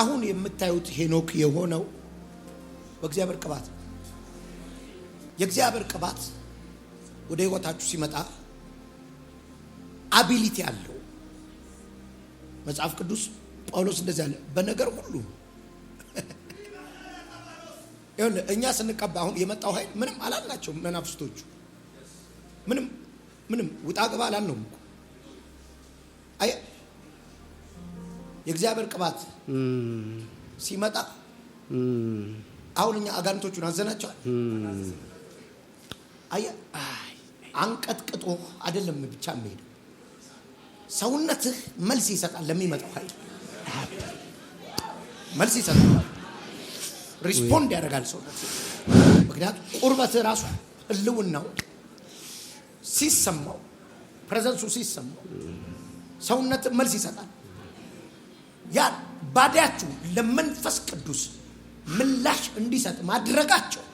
አሁን የምታዩት ሄኖክ የሆነው በእግዚአብሔር ቅባት ነው። የእግዚአብሔር ቅባት ወደ ህይወታችሁ ሲመጣ አቢሊቲ አለው። መጽሐፍ ቅዱስ ጳውሎስ እንደዚህ አለ፣ በነገር ሁሉ እኛ ስንቀባ አሁን የመጣው ኃይል ምንም አላልናቸው መናፍስቶቹ ምንም ምንም ውጣ ግባ አላልነውም። የእግዚአብሔር ቅባት ሲመጣ አሁን እኛ አጋንቶቹን አዘናቸዋል። አንቀጥቅጦ አይደለም ብቻ የሚሄደው ሰውነትህ መልስ ይሰጣል። ለሚመጣው ኃይል መልስ ይሰጣል። ሪስፖንድ ያደርጋል ሰውነት። ምክንያቱም ቁርበትህ ራሱ ህልውናው ሲሰማው፣ ፕሬዘንሱ ሲሰማው ሰውነት መልስ ይሰጣል። ያ ባዳያችሁ ለመንፈስ ቅዱስ ምላሽ እንዲሰጥ ማድረጋቸው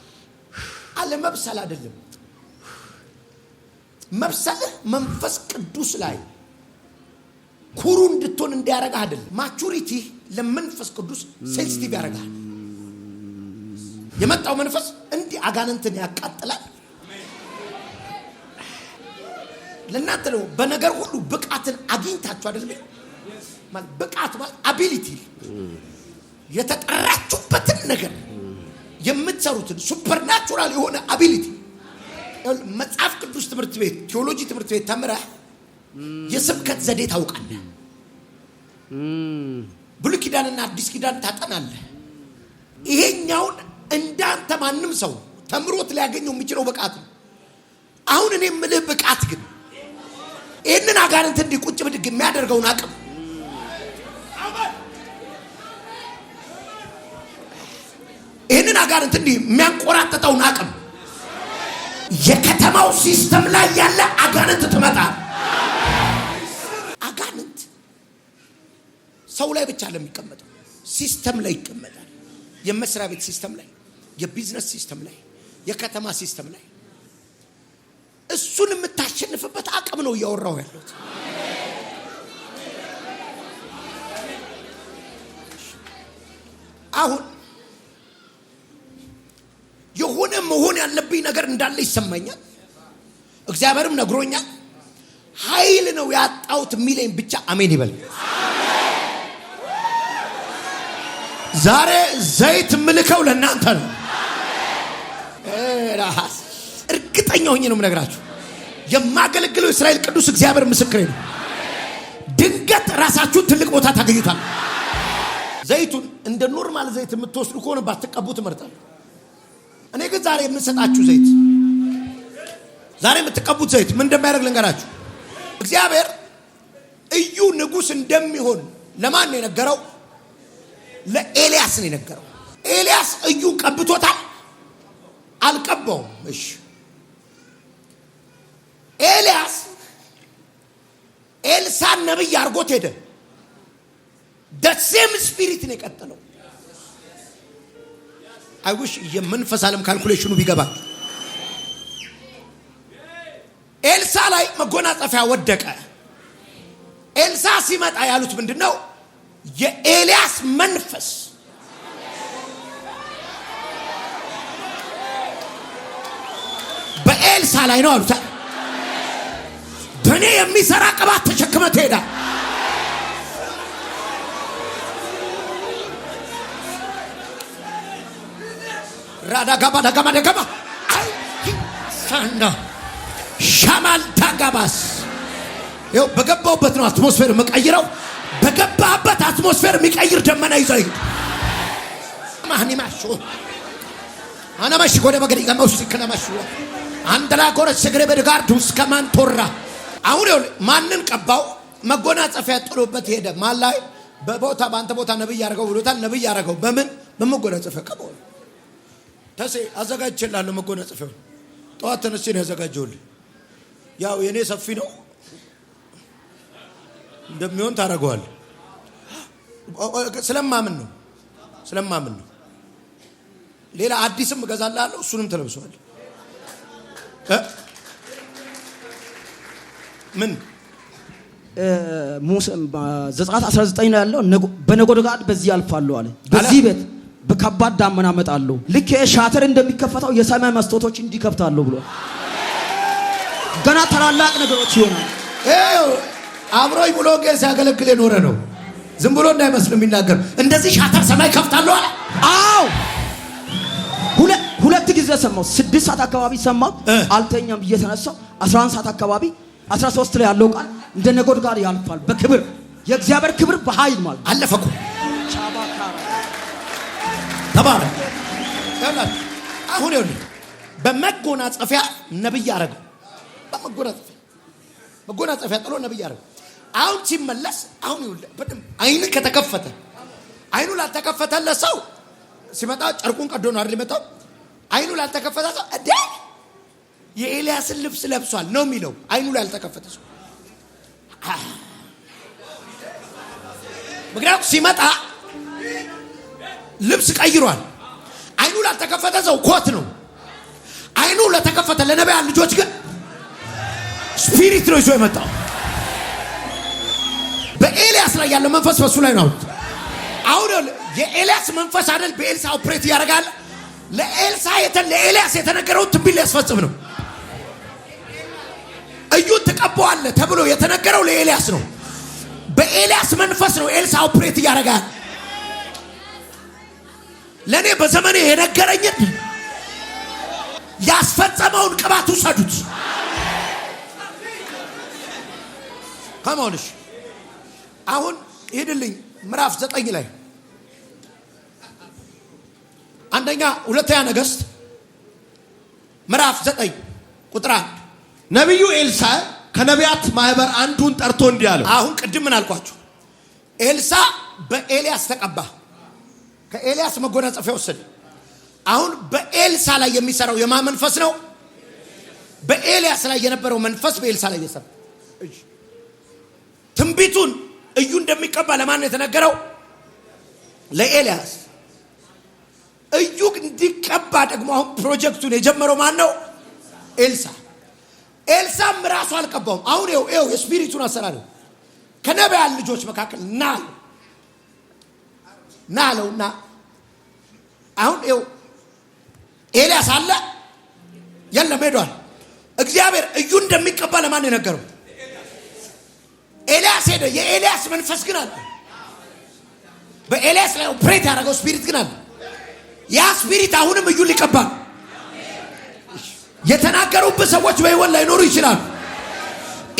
አለመብሰል አይደለም። መብሰልህ መንፈስ ቅዱስ ላይ ኩሩ እንድትሆን እንዲያረጋ አይደለም። ማቹሪቲ ለመንፈስ ቅዱስ ሴንሲቲቭ ያደርጋል። የመጣው መንፈስ እንዲህ አጋንንትን ያቃጥላል። ለእናንተ ነው በነገር ሁሉ ብቃትን አግኝታችሁ አይደለም ብቃት ማለት አቢሊቲ የተጠራችሁበትን ነገር የምትሰሩትን ሱፐርናቹራል የሆነ አቢሊቲ መጽሐፍ ቅዱስ ትምህርት ቤት ቴዎሎጂ ትምህርት ቤት ተምረህ የስብከት ዘዴ ታውቃለህ። ብሉይ ኪዳንና አዲስ ኪዳን ታጠናለህ። ይሄኛውን እንዳንተ ማንም ሰው ተምሮት ሊያገኘው የሚችለው ብቃት ነው። አሁን እኔ የምልህ ብቃት ግን ይህንን አጋንንት እንዲህ ቁጭ ብድግ የሚያደርገውን አቅም ይህንን አጋንንት እንዲህ የሚያንቆራጥጠውን አቅም የከተማው ሲስተም ላይ ያለ አጋንንት ትመጣ አጋንንት ሰው ላይ ብቻ ለሚቀመጠው ሲስተም ላይ ይቀመጣል። የመስሪያ ቤት ሲስተም ላይ፣ የቢዝነስ ሲስተም ላይ፣ የከተማ ሲስተም ላይ እሱን የምታሸንፍበት አቅም ነው እያወራው ያለት። አሁን የሆነ መሆን ያለብኝ ነገር እንዳለ ይሰማኛል። እግዚአብሔርም ነግሮኛል። ኃይል ነው ያጣሁት የሚለኝ ብቻ አሜን ይበል። ዛሬ ዘይት ምልከው ለእናንተ ነው። እርግጠኛ ሆኜ ነው የምነግራችሁ። የማገለግለው የእስራኤል ቅዱስ እግዚአብሔር ምስክሬ ነው። ድንገት ራሳችሁን ትልቅ ቦታ ታገኙታል። ዘይቱን እንደ ኖርማል ዘይት የምትወስዱ ከሆነ ባትቀቡት ትመርጣለሁ። እኔ ግን ዛሬ የምንሰጣችሁ ዘይት ዛሬ የምትቀቡት ዘይት ምን እንደሚያደርግ ልንገራችሁ። እግዚአብሔር እዩ ንጉሥ እንደሚሆን ለማን ነው የነገረው? ለኤልያስ ነው የነገረው። ኤልያስ እዩ ቀብቶታል አልቀባውም። እሺ ኤልያስ ኤልሳን ነብይ አድርጎት ሄደ። ደሴም ስፒሪት ነው የቀጠለው አይውሽ የመንፈስ ዓለም ካልኩሌሽኑ ቢገባ ኤልሳ ላይ መጎናጸፊያ ወደቀ። ኤልሳ ሲመጣ ያሉት ምንድን ነው? የኤልያስ መንፈስ በኤልሳ ላይ ነው አሉት። በእኔ የሚሰራ ቅባት ተሸክመ ትሄዳል። ራዳጋባዳጋባዳጋባ ሳና ሻማልታጋባስ ይኸው በገባሁበት ነው አትሞስፌር የምቀይረው። በገባህበት አትሞስፌር የሚቀይር ደመና ይዘህ ሂድ። ማህኒማሽ አነመሽ ጎደ በገድ ይገመውስ ይከለመሽ አንደላ ጎረ ሰግሬ በድጋርድ ውስጥ ከማን ቶራ አሁን ይኸው ማንን ቀባው? መጎናጸፊያ ጥሎበት ሄደ። ማን ላይ? በቦታ በአንተ ቦታ ነብይ ያደረገው ብሎታል። ነብይ ያደረገው በምን? በመጎናጸፊያ ቀባው። ተሴ አዘጋጅቼልሃለሁ መጎናጸፊያውን ጠዋት ተነስቼ ነው ያዘጋጀሁልህ። ያው የእኔ ሰፊ ነው እንደሚሆን ታደርገዋል ስለማምን ነው ስለማምን ነው። ሌላ አዲስም እገዛልሃለሁ፣ እሱንም ትለብሰዋለህ። ምን ዘጸአት 19 ላይ ያለው በነጎድጓድ በዚህ ያልፋሉ አለ በዚህ ቤት ከባድ ዳመና አመጣለሁ። ልክ ሻተር እንደሚከፈተው የሰማይ መስቶቶች እንዲከፍታለሁ ብሎ ገና ታላላቅ ነገሮች ይሆናል። አብሮኝ ብሎ ጌታ ሲያገለግል የኖረ ነው። ዝም ብሎ እንዳይመስል የሚናገር እንደዚህ ሻተር ሰማይ ከፍታለሁ አለ። አዎ ሁለት ጊዜ ሰማሁ። ስድስት ሰዓት አካባቢ ሰማሁ። አልተኛም። እየተነሳሁ አስራ አንድ ሰዓት አካባቢ አስራ ሶስት ላይ ያለው ቃል እንደ ነጎድጓድ ያልፋል። በክብር የእግዚአብሔር ክብር በኃይል ማለት አለፈኩ ተባረ አሁን ይኸውልህ በመጎናጸፊያ ነብይ አረገው። በመጎናጸፊያ መጎናጸፊያ ጥሎ ነብይ አረገው። አሁን ሲመለስ አሁን ይሁን በደም አይን ከተከፈተ አይኑ ላልተከፈተለ ሰው ሲመጣ ጨርቁን ቀዶ ነው አይደል የመጣው። አይኑ ላልተከፈተ ሰው እዴ የኤልያስን ልብስ ለብሷል ነው የሚለው። አይኑ ላይ ያልተከፈተ ሰው ምክንያቱም ሲመጣ ልብስ ቀይሯል። አይኑ ላልተከፈተ ሰው ኮት ነው። አይኑ ለተከፈተ ለነቢያን ልጆች ግን ስፒሪት ነው ይዞ የመጣው። በኤልያስ ላይ ያለው መንፈስ በሱ ላይ ነው። አሁን የኤልያስ መንፈስ አይደል በኤልሳ ኦፕሬት ያደርጋል። ለኤልሳ ለኤልያስ የተነገረውን ትንቢት ሊያስፈጽም ነው። እዩ ትቀባዋለህ ተብሎ የተነገረው ለኤልያስ ነው። በኤልያስ መንፈስ ነው ኤልሳ ኦፕሬት እያደረጋል። ለእኔ በዘመኔ የነገረኝን ያስፈጸመውን ቅባት ውሰዱት። ከመሆንሽ አሁን ሄድልኝ ምዕራፍ ዘጠኝ ላይ አንደኛ ሁለተኛ ነገሥት ምዕራፍ ዘጠኝ ቁጥር አንድ ነቢዩ ኤልሳ ከነቢያት ማህበር አንዱን ጠርቶ እንዲህ አለው። አሁን ቅድም ምን አልኳቸው? ኤልሳ በኤልያስ ተቀባ። ከኤልያስ መጎናጸፊያ ወሰደ። አሁን በኤልሳ ላይ የሚሰራው የማ መንፈስ ነው? በኤልያስ ላይ የነበረው መንፈስ በኤልሳ ላይ እየሰራ ትንቢቱን እዩ እንደሚቀባ ለማን ነው የተነገረው? ለኤልያስ። እዩ እንዲቀባ ደግሞ አሁን ፕሮጀክቱን የጀመረው ማን ነው? ኤልሳ። ኤልሳም ራሱ አልቀባውም። አሁን ው ው የስፒሪቱን አሰራር ከነቢያን ልጆች መካከል ናሉ ና እና አሁን ው ኤልያስ አለ የለም ሄዷል። እግዚአብሔር እዩ እንደሚቀባ ለማን የነገረው? ኤልያስ ሄደ። የኤልያስ መንፈስ ግን አለ። በኤልያስ ላይ ኦፕሬት ያደረገው ስፒሪት ግን አለ። ያ ስፒሪት አሁንም እዩ ሊቀባ ነው። የተናገሩብህ ሰዎች በህይወት ላይኖሩ ይችላሉ።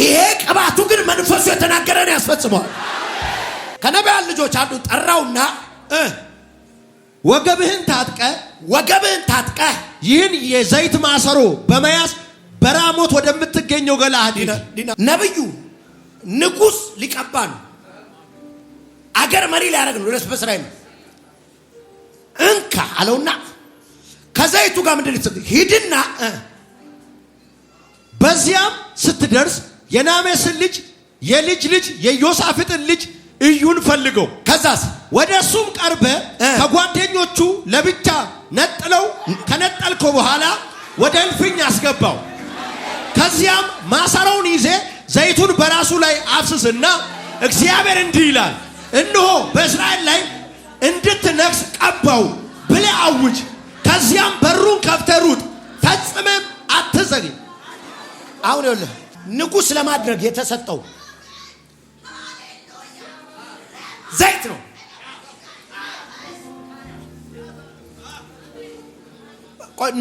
ይሄ ቅባቱ ግን መንፈሱ የተናገረን ያስፈጽመዋል። ከነቢያን ልጆች አንዱ ጠራውና ወገብህን ታጥቀ ወገብህን ታጥቀ ይህን የዘይት ማሰሮ በመያዝ በራሞት ወደምትገኘው ገላህ ነብዩ ንጉስ ሊቀባ ነው። አገር መሪ ሊያደርግ ነው። ደስ በስራይ ነው። እንካ አለውና ከዘይቱ ጋር ምንድን ሂድና በዚያም ስትደርስ የናሜስን ልጅ የልጅ ልጅ የዮሳፍጥን ልጅ እዩን ፈልገው ከዛስ ወደ እሱም ቀርበ ከጓደኞቹ ለብቻ ነጥለው ከነጠልከው በኋላ ወደ እልፍኝ አስገባው። ከዚያም ማሰሮውን ይዜ ዘይቱን በራሱ ላይ አፍስስና እግዚአብሔር እንዲህ ይላል፣ እንሆ በእስራኤል ላይ እንድትነግስ ቀባው ብለ አውጅ። ከዚያም በሩን ከፍተህ ሩጥ፣ ፈጽመም አትዘግ። አሁን ይኸውልህ ንጉሥ ለማድረግ የተሰጠው ዘይት ነው።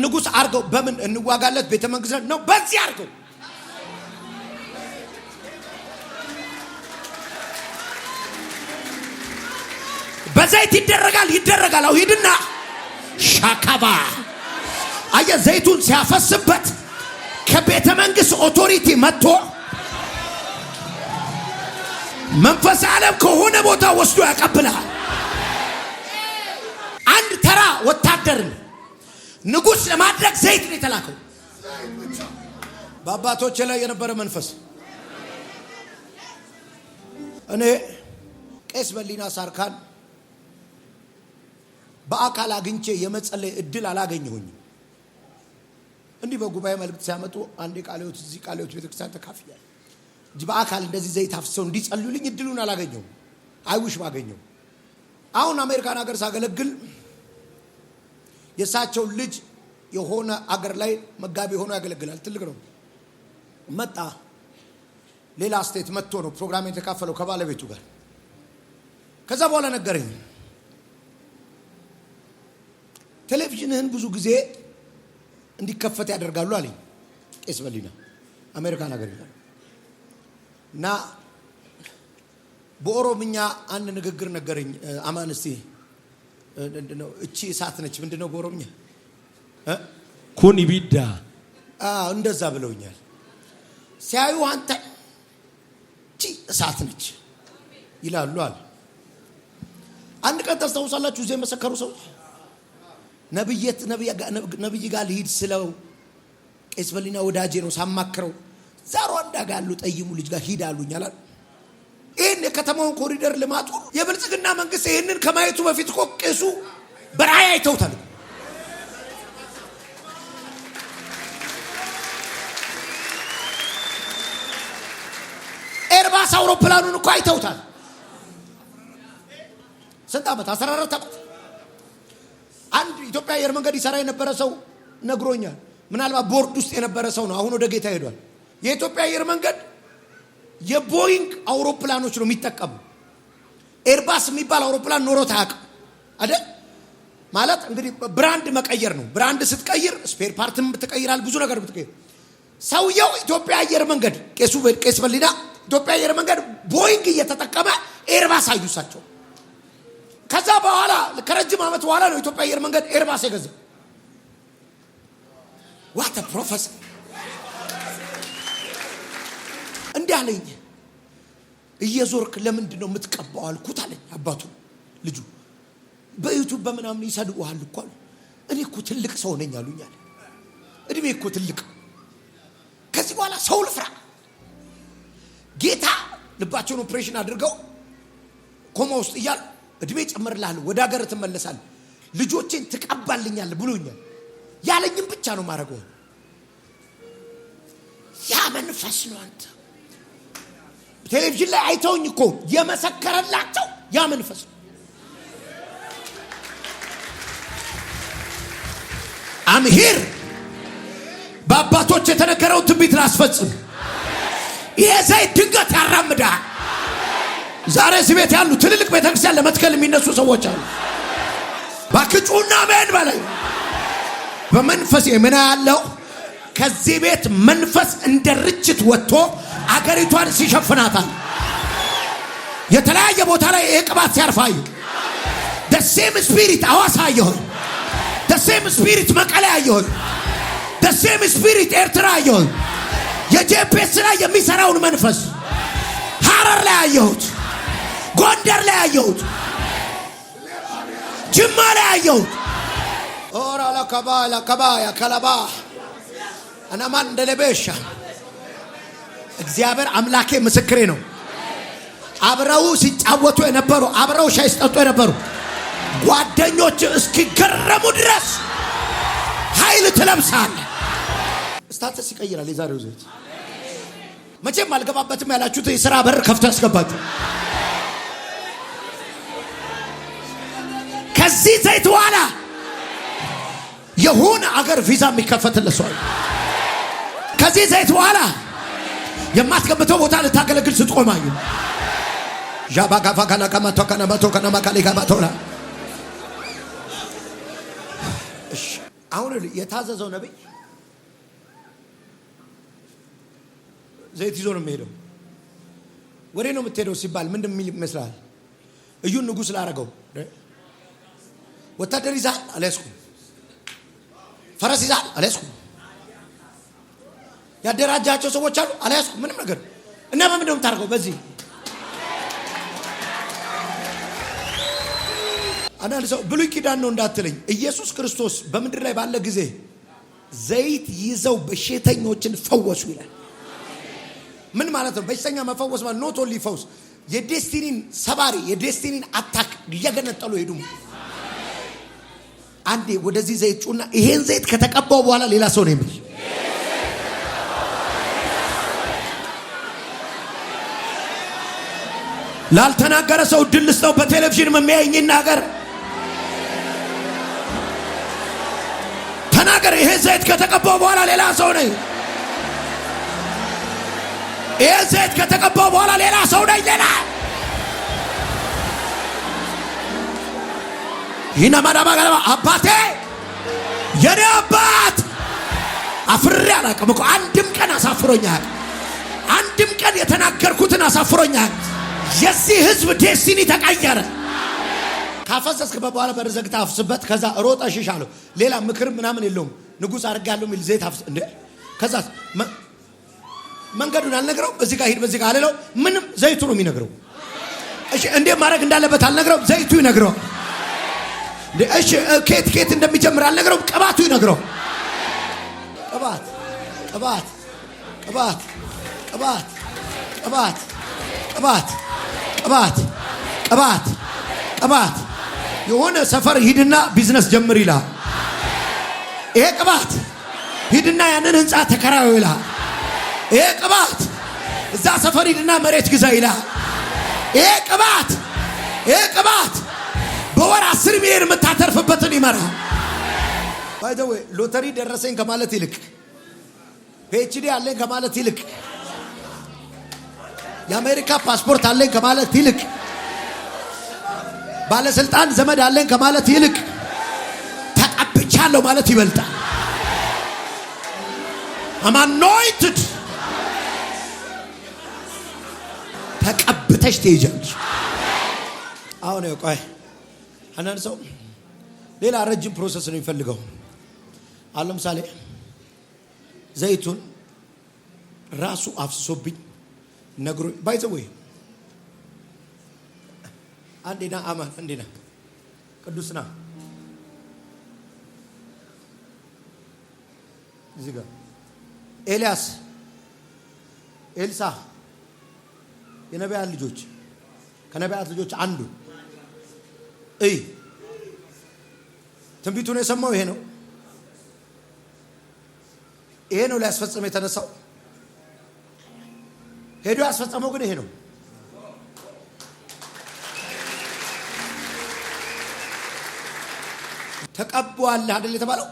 ንጉስ አርገው በምን እንዋጋለት? ቤተ መንግስት ነው። በዚህ አርገው በዘይት ይደረጋል ይደረጋል። አው ሂድና ሻካባ አየ ዘይቱን ሲያፈስበት ከቤተ መንግስት ኦቶሪቲ መጥቶ መንፈስ ዓለም ከሆነ ቦታ ወስዶ ያቀብልሃል። አንድ ተራ ወታደርን ንጉሥ ለማድረግ ዘይት ነው የተላከው። በአባቶች ላይ የነበረ መንፈስ እኔ ቄስ በሊና ሳርካን በአካል አግኝቼ የመጸለይ እድል አላገኘሁኝም። እንዲህ በጉባኤ መልእክት ሲያመጡ አንዴ ቃልዮት እዚህ ቃልዮት ቤተክርስቲያን ተካፍያል እንጂ በአካል እንደዚህ ዘይት አፍሰው እንዲጸልዩልኝ እድሉን አላገኘሁም። አይውሽ ባገኘው አሁን አሜሪካን ሀገር ሳገለግል የእሳቸው ልጅ የሆነ አገር ላይ መጋቢ ሆኖ ያገለግላል። ትልቅ ነው። መጣ ሌላ ስቴት መጥቶ ነው ፕሮግራም የተካፈለው ከባለቤቱ ጋር። ከዛ በኋላ ነገረኝ። ቴሌቪዥንህን ብዙ ጊዜ እንዲከፈት ያደርጋሉ አለኝ። ቄስ በሊና አሜሪካ ነገር ይላል እና በኦሮምኛ አንድ ንግግር ነገረኝ። አማንስቴ እቺ እሳት ነች። ምንድነው በኦሮምኛ ኩን ቢዳ እንደዛ ብለውኛል። ሲያዩ አንተ እቺ እሳት ነች ይላሉ አለ። አንድ ቀን ታስታውሳላችሁ፣ እዚያ የመሰከሩ ሰዎች ነብየት ነብይ ጋር ልሂድ ስለው ቄስ በሊና ወዳጄ ነው ሳማክረው ዛሮ አንዳ ጋር አሉ ጠይሙ ልጅ ጋር ሂድ አሉኛል አሉ ይህን የከተማውን ኮሪደር ልማቱ የብልጽግና መንግስት ይህንን ከማየቱ በፊት እኮ ቄሱ በራእይ አይተውታል። ኤርባስ አውሮፕላኑን እኮ አይተውታል። ስንት ዓመት አስራ አራት ዓመት አንድ ኢትዮጵያ አየር መንገድ ይሰራ የነበረ ሰው ነግሮኛል። ምናልባት ቦርድ ውስጥ የነበረ ሰው ነው። አሁን ወደ ጌታ ሄዷል። የኢትዮጵያ አየር መንገድ የቦይንግ አውሮፕላኖች ነው የሚጠቀሙ። ኤርባስ የሚባል አውሮፕላን ኖሮ ታቅ አደ ማለት እንግዲህ ብራንድ መቀየር ነው። ብራንድ ስትቀይር ስፔር ፓርትም ትቀይራል፣ ብዙ ነገር ብትቀይር። ሰውየው ኢትዮጵያ አየር መንገድ ቄሱ ቄስ በሊና ኢትዮጵያ አየር መንገድ ቦይንግ እየተጠቀመ ኤርባስ አዩሳቸው። ከዛ በኋላ ከረጅም ዓመት በኋላ ነው ኢትዮጵያ አየር መንገድ ኤርባስ የገዛው። ዋተ ፕሮፌሰር እንዲህ አለኝ፣ እየዞርክ ለምንድን ነው የምትቀባው አልኩት አለኝ። አባቱ ልጁ በዩቱብ በምናምን እኮ አሉ። እኔ እኮ ትልቅ ሰው ነኝ እድሜ እኮ ትልቅ፣ ከዚህ በኋላ ሰው ልፍራ። ጌታ ልባቸውን ኦፕሬሽን አድርገው ኮማ ውስጥ እያሉ እድሜ ወደ ሀገር ትመለሳል ልጆቼን ትቀባልኛል ብሎኛል። ያለኝም ብቻ ነው ማድረገው። ያ መንፈስ ነው አንተ ቴሌቪዥን ላይ አይተውኝ እኮ የመሰከረላቸው ያ መንፈስ ነው። አምሂር በአባቶች የተነገረውን ትንቢት ላስፈጽም። ይሄ ዘይት ድንገት ያራምዳል። ዛሬ እዚህ ቤት ያሉ ትልልቅ ቤተክርስቲያን ለመትከል የሚነሱ ሰዎች አሉ። ባክጩና መን በላይ በመንፈስ የምና ያለው ከዚህ ቤት መንፈስ እንደ ርችት ወጥቶ አገሪቷን ሲሸፍናታል። የተለያየ ቦታ ላይ ይህ ቅባት ሲያርፋዩ ደሴም ስፒሪት አዋሳ አየሆን ደሴም ስፒሪት መቀለ አየሆን ደሴም ስፒሪት ኤርትራ አየሆን የጄፒኤስ ላይ የሚሰራውን መንፈስ ሐረር ላይ አየሁት፣ ጎንደር ላይ አየሁት፣ ጅማ ላይ አየሁት። ኦራ ለከባ ለከባ ያከለባ አናማን እንደለቤሻ እግዚአብሔር አምላኬ ምስክሬ ነው። አብረው ሲጫወቱ የነበሩ አብረው ሻይ ሲጠጡ የነበሩ ጓደኞች እስኪገረሙ ድረስ ኃይል ትለብሳለህ። ስታተስ ይቀይራል። የዛሬው ዘይት መቼም አልገባበትም ያላችሁት የሥራ በር ከፍቶ ያስገባችሁ። ከዚህ ዘይት በኋላ የሆነ አገር ቪዛ የሚከፈትለት ሰው ከዚህ ዘይት በኋላ የማትገምተው ቦታ ልታገለግል ስትቆማዩ ዣባጋፋ አሁን የታዘዘው ነቢይ ዘይት ይዞ ነው የሚሄደው። ወዴ ነው የምትሄደው ሲባል ምንድን የሚል ይመስላል? እዩን ንጉሥ ላረገው ወታደር ይዛል አልያዝኩም፣ ፈረስ ይዛል አልያዝኩም ያደራጃቸው ሰዎች አሉ። አልያሱ ምንም ነገር እና በምንድን ነው በዚህ አንዳንድ ሰው ብሉይ ኪዳን ነው እንዳትለኝ። ኢየሱስ ክርስቶስ በምድር ላይ ባለ ጊዜ ዘይት ይዘው በሽተኞችን ፈወሱ ይላል። ምን ማለት ነው? በሽተኛ መፈወስ ማለት ኖት ኦንሊ ፈውስ፣ የዴስቲኒን ሰባሪ የዴስቲኒን አታክ እየገነጠሉ ሄዱ። አንዴ ወደዚህ ዘይት ጩና፣ ይሄን ዘይት ከተቀባው በኋላ ሌላ ሰው ነው የሚል ላልተናገረ ሰው ድል ስጠው። በቴሌቪዥን የሚያየኝ ይናገር፣ ተናገር። ይሄ ዘይት ከተቀባው በኋላ ሌላ ሰው ነኝ። ይሄ ዘይት ከተቀባው በኋላ ሌላ ሰው ነኝ። ሌላ ይህና ማዳማ ገለባ አባቴ፣ የኔ አባት አፍሬ አላቅም እኮ አንድም ቀን አሳፍሮኛል። አንድም ቀን የተናገርኩትን አሳፍሮኛል። የዚህ ህዝብ ዴስቲኒ ተቀየረ። ካፈሰስክ በኋላ በር ዘግተህ አፍስበት። ከዛ ሮጠ ሽሽ አለው። ሌላ ምክር ምናምን የለውም። ንጉሥ አድርጌያለሁ የሚል ዘይት አፍስ እንዴ። ከዛ መንገዱን አልነግረውም። እዚህ ጋር ሂድ፣ በዚህ ጋር አልለው። ምንም ዘይቱ ነው የሚነግረው። እሺ እንዴ ማድረግ እንዳለበት አልነግረውም። ዘይቱ ይነግረው። እሺ ኬት ኬት እንደሚጀምር አልነግረውም። ቅባቱ ይነግረው። ቅባት ቅባት ቅባት ቅባት ቅባት ቅባት ቅባት ቅባት ቅባት የሆነ ሰፈር ሂድና ቢዝነስ ጀምር ይላል። ይሄ ቅባት ሂድና ያንን ህንፃ ተከራዩ ይላል። ይሄ ቅባት እዛ ሰፈር ሂድና መሬት ግዛ ይላል። ይሄ ቅባት ይሄ ቅባት በወር አስር ሚሊዮን የምታተርፍበትን ይመራል። ባይዘዌ ሎተሪ ደረሰኝ ከማለት ይልቅ ፒኤችዲ አለኝ ከማለት ይልቅ የአሜሪካ ፓስፖርት አለኝ ከማለት ይልቅ ባለስልጣን ዘመድ አለኝ ከማለት ይልቅ ተቀብቻለሁ ማለት ይበልጣል። አማኖይትድ ተቀብተሽ ትሄጃለሽ። አሁን ቆይ አንዳንድ ሰው ሌላ ረጅም ፕሮሰስ ነው የሚፈልገው። አሁን ለምሳሌ ዘይቱን ራሱ አፍስሶብኝ ነግሮ ባይዘዌ አንዴና አማ እንዴና ቅዱስና እዚህ ጋር ኤልያስ ኤልሳ የነቢያት ልጆች ከነቢያት ልጆች አንዱ እይ ትንቢቱን የሰማው ይሄ ነው። ይሄ ነው ሊያስፈጽም የተነሳው። ሄዶ ያስፈጸመው ግን ይሄ ነው። ተቀቧለህ አይደል የተባለው።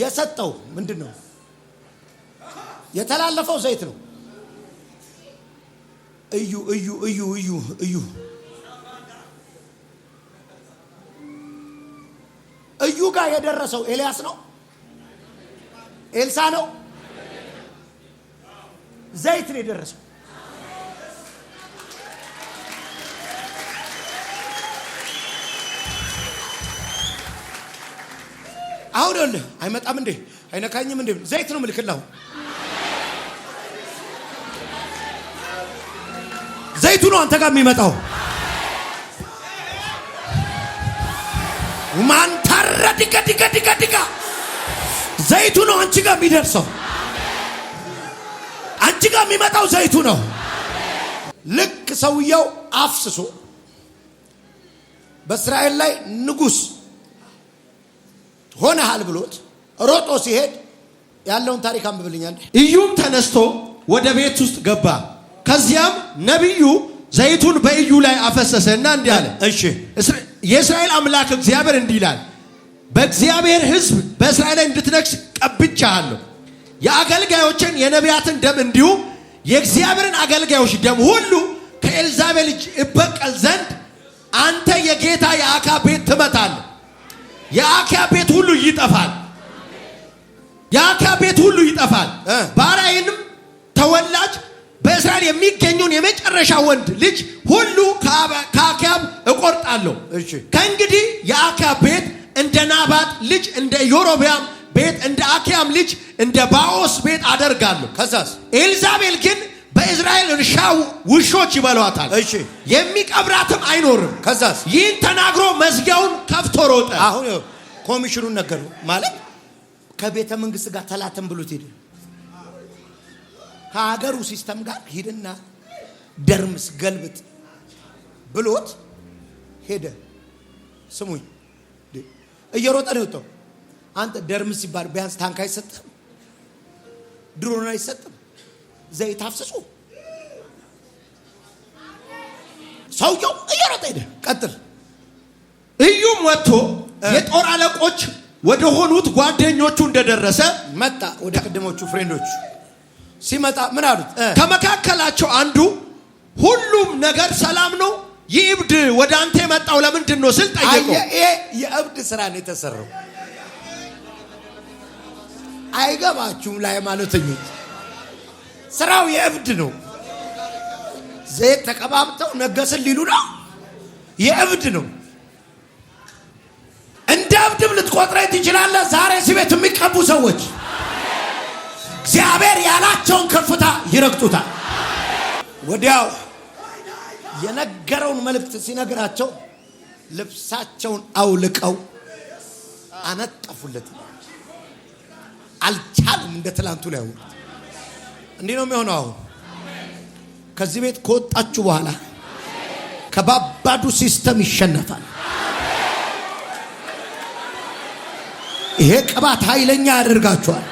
የሰጠው ምንድን ነው? የተላለፈው ዘይት ነው። እዩ እዩ እዩ እዩ እዩ እዩ ጋር የደረሰው ኤልያስ ነው። ኤልሳ ነው። ዘይት ነው የደረሰው። አሁን ወለ አይመጣም እንዴ? አይነካኝም እንዴ? ዘይት ነው ምልክላሁ። ዘይቱ ነው አንተ ጋር የሚመጣው። ማንታረ ዲጋ ዲጋ ዲጋ ዲጋ ዘይቱ ነው አንቺ ጋር የሚደርሰው። ጋር የሚመጣው ዘይቱ ነው። ልክ ሰውየው አፍስሶ በእስራኤል ላይ ንጉስ ሆነሃል ብሎት ሮጦ ሲሄድ ያለውን ታሪክ አንብብልኛል። ኢዩም ተነስቶ ወደ ቤት ውስጥ ገባ። ከዚያም ነቢዩ ዘይቱን በእዩ ላይ አፈሰሰ እና እንዲህ አለ። እሺ የእስራኤል አምላክ እግዚአብሔር እንዲህ ይላል፣ በእግዚአብሔር ሕዝብ በእስራኤል ላይ እንድትነግስ ቀብቻለሁ የአገልጋዮችን የነቢያትን ደም እንዲሁ የእግዚአብሔርን አገልጋዮች ደም ሁሉ ከኤልዛቤል እጅ እበቀል ዘንድ አንተ የጌታ የአካ ቤት ትመታል የአካ ቤት ሁሉ ይጠፋል። የአካ ቤት ሁሉ ይጠፋል። ባሪያዬንም ተወላጅ በእስራኤል የሚገኘውን የመጨረሻ ወንድ ልጅ ሁሉ ከአክያብ እቆርጣለሁ። ከእንግዲህ የአክያብ ቤት እንደ ናባጥ ልጅ እንደ ዮሮቢያም ቤት እንደ አኪያም ልጅ እንደ ባኦስ ቤት አደርጋለሁ። ከዛስ ኤልዛቤል ግን በእስራኤል እርሻ ውሾች ይበሏታል፣ የሚቀብራትም አይኖርም። ከዛስ ይህን ተናግሮ መዝጊያውን ከፍቶ ሮጠ። አሁን ኮሚሽኑን ነገሩ ማለት ከቤተ መንግስት ጋር ተላተም ብሎት ሄደ። ከሀገሩ ሲስተም ጋር ሂድና ደርምስ ገልብጥ ብሎት ሄደ። ስሙኝ፣ እየሮጠ ነው የወጣው አንተ ደርም ሲባል ቢያንስ ታንክ አይሰጥም፣ ድሮን አይሰጥም፣ ዘይት አፍስሱ። ሰውየው እየሮጠ ሄደ። ቀጥል። እዩም ወጥቶ የጦር አለቆች ወደ ሆኑት ጓደኞቹ እንደደረሰ መጣ። ወደ ቅድሞቹ ፍሬንዶቹ ሲመጣ ምን አሉት? ከመካከላቸው አንዱ ሁሉም ነገር ሰላም ነው፣ ይህ እብድ ወደ አንተ የመጣው ለምንድን ነው ስል ጠየቀው። የእብድ ስራ ነው የተሰራው። አይገባችሁም። ለሃይማኖተኞች ስራው የእብድ ነው። ዘይት ተቀባብተው ነገስን ሊሉ ነው። የእብድ ነው። እንደ እብድም ልትቆጥረኝ ትችላለህ። ዛሬ ሲቤት የሚቀቡ ሰዎች እግዚአብሔር ያላቸውን ከፍታ ይረግጡታል። ወዲያው የነገረውን መልእክት ሲነግራቸው ልብሳቸውን አውልቀው አነጠፉለት። አልቻልም። እንደ ትላንቱ ላይ ሆኑ። እንዲህ ነው የሚሆነው። አሁን ከዚህ ቤት ከወጣችሁ በኋላ ከባባዱ ሲስተም ይሸነፋል። ይሄ ቅባት ኃይለኛ ያደርጋችኋል።